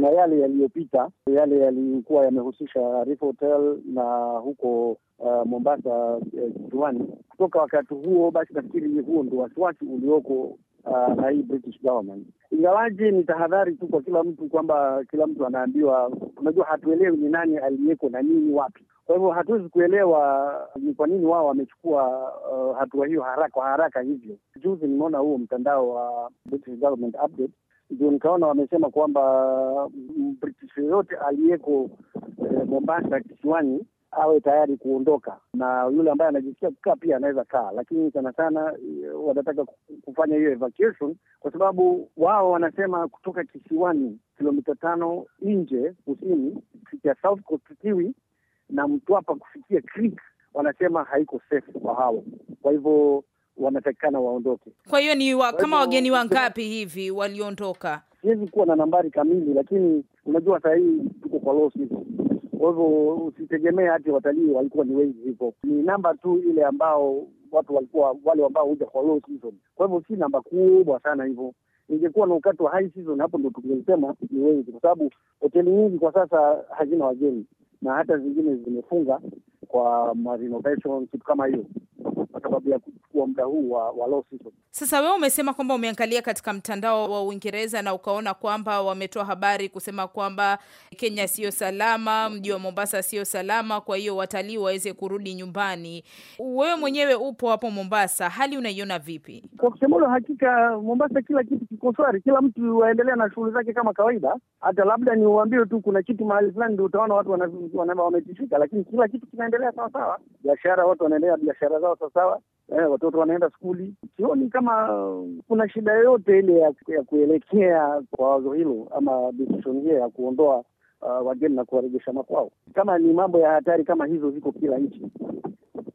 kuna yale yaliyopita, yale yaliyokuwa yamehusisha Reef Hotel na huko uh, Mombasa Kituani. Eh, uh, kutoka wakati huo basi, nafikiri huo ndio wasiwasi ulioko uh, na hii British government, ingawaje ni tahadhari tu kwa kila mtu kwamba kila mtu anaambiwa, unajua, hatuelewi ni nani aliyeko na nini wapi kwa hivyo hatuwezi kuelewa ni kwa nini wao wamechukua uh, hatua hiyo haraka haraka hivyo. Juzi nimeona huo mtandao wa British Government Update ndio nikaona wamesema kwamba mm, British yoyote aliyeko eh, Mombasa kisiwani awe tayari kuondoka, na yule ambaye anajisikia kukaa pia anaweza kaa, lakini sana sana eh, wanataka kufanya hiyo evacuation kwa sababu wao wanasema kutoka kisiwani kilomita tano nje kusini kufikia South na Mtwapa kufikia Creek, wanasema haiko safe kwa hawa Kwa hivyo wanatakikana waondoke. Kwa hiyo ni wa, kama wageni wangapi hivi waliondoka? Siwezi kuwa na nambari kamili, lakini unajua saa hii tuko kwa low season, kwa hivyo usitegemee hati watalii walikuwa ni wengi hivyo. Ni namba tu ile ambao watu walikuwa wale ambao huja kwa low season, kwa hivyo si namba kubwa sana hivyo ingekuwa na wakati wa high season, hapo ndo tungesema ni wengi, kwa sababu hoteli nyingi kwa sasa hazina wageni na hata zingine zimefunga kwa renovation, kitu kama hiyo, kwa sababu ya wa muda huu wa, wa low season. Sasa wewe umesema kwamba umeangalia katika mtandao wa Uingereza na ukaona kwamba wametoa habari kusema kwamba Kenya sio salama, mji wa Mombasa sio salama, kwa hiyo watalii waweze kurudi nyumbani. Wewe mwenyewe upo hapo Mombasa, hali unaiona vipi? Kwa kusema hakika, Mombasa kila kitu kiko shwari, kila mtu aendelea na shughuli zake kama kawaida. Hata labda ni uambie tu kuna kitu mahali fulani ndio utaona watu wametishika, lakini kila kitu kinaendelea sawasawa. Biashara, watu wanaendelea biashara zao sawasawa eh, watoto wanaenda skuli. Sioni kama kuna shida yoyote ile ya, ya kuelekea kwa wazo hilo ama decision hiyo ya kuondoa uh, wageni na kuwarejesha makwao. Kama ni mambo ya hatari kama hizo, ziko kila nchi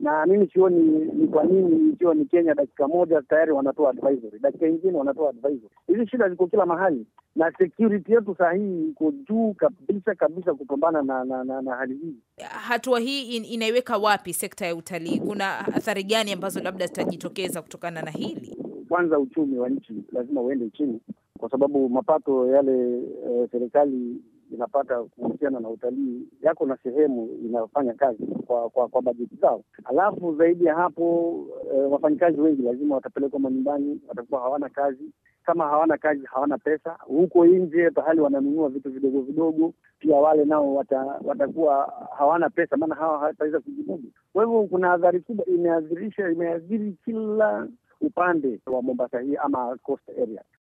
na mimi sioni ni kwa nini ikiwa ni Kenya dakika moja tayari wanatoa advisory, dakika nyingine wanatoa advisory. Hizi shida ziko kila mahali, na security yetu saa hii iko juu kabisa kabisa kupambana na, na, na, na hali hii. Hatua hii in, inaiweka wapi sekta ya utalii? Kuna athari gani ambazo labda zitajitokeza kutokana na hili? Kwanza uchumi wa nchi lazima uende chini, kwa sababu mapato yale eh, serikali inapata kuhusiana na utalii yako na sehemu inayofanya kazi kwa kwa, kwa bajeti zao. Alafu zaidi ya hapo e, wafanyikazi wengi lazima watapelekwa manyumbani, watakuwa hawana kazi. Kama hawana kazi, hawana pesa. Huko nje pahali wananunua vitu vidogo vidogo, pia wale nao wata, watakuwa hawana pesa, maana hawa hawataweza kujimudu. Kwa hivyo kuna adhari kubwa imeadhirisha, imeadhiri kila upande wa Mombasa hii ama coast area.